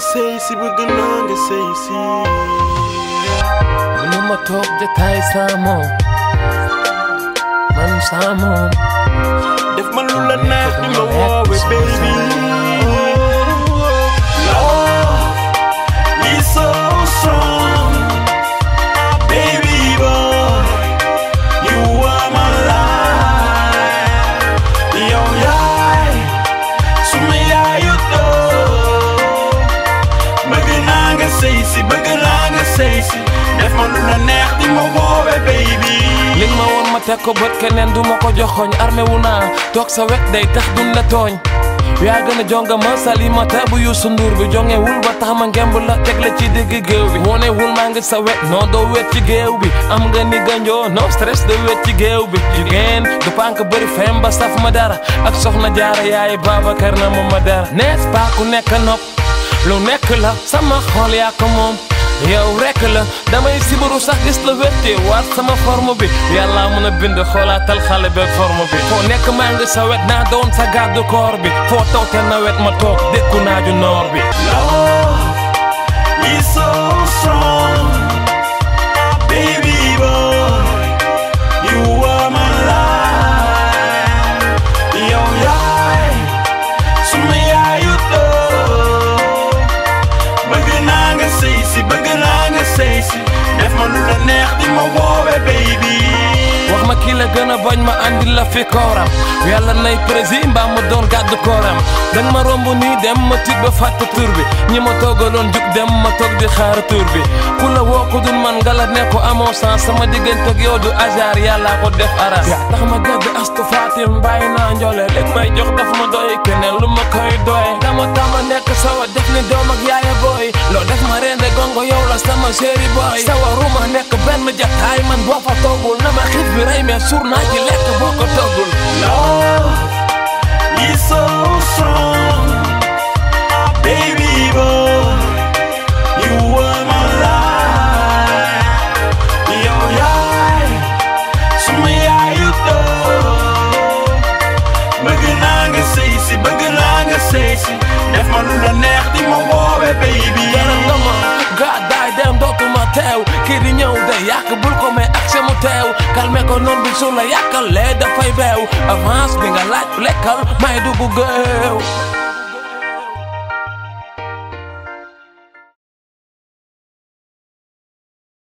seisi bugunange seisi Manuma topje tai samo Man samo Def malula na sëy si def ma lu la neex di ma woowe baby li ma woon ma teg ko bët keneen du ma ko joxoñ armé wu naa toog sa wet day tax duñ la tooñ yaa gën a jonga ma salimata bu Youssou Ndour bi jongewul ba tax ma ngemb la teg la ci digg géew bi wonewul maa ngi sa wet non doo wet ci géew bi am nga ni ganjoo non stress doo wet ci géew bi jigéen du pànk bëri fem ba saf ma dara ak soxna jaara yaay Babacar na ma ma dara neef paa ku nekk nopp lu nekk la sama xol yaa ko moom yow rek la damay sibaru sax gis la wéttee waat sama forme bi yàlla mën a bind xoolaatal xale beeg bi foo nekk maa ngi sa wet naa doon sa garde corps bi foo tawte nawet ma toog dékku naaju noor bi ki la gën a bañ ma andil la fi kooram yàlla nay prési mbaa ma doon gàddu kooram danga ma romb nii dem ma tiit ba fàtte tur bi ñi ma toogaloon jug dem ma toog di xaar tur bi ku la woo ko dul man nga la ne ko sens sama diggante yow du ajaar yàlla ko def aras tax ma gàdd astu fatim bàyyi naa njole léeg may jox daf ma doy keneen lu ma koy doy dama tama nekk sawa def ni doom ak yaay ونغو يولا سما شيري باي سوا روما هناك بان مجا تايمن وفا طوبو نما خيف برايمي يا ناجي لك بوكو طوبو لا lekkal mais ko noon bi su la yàkkal lee dafay beew avance bi nga laaj lekkal may dugg géew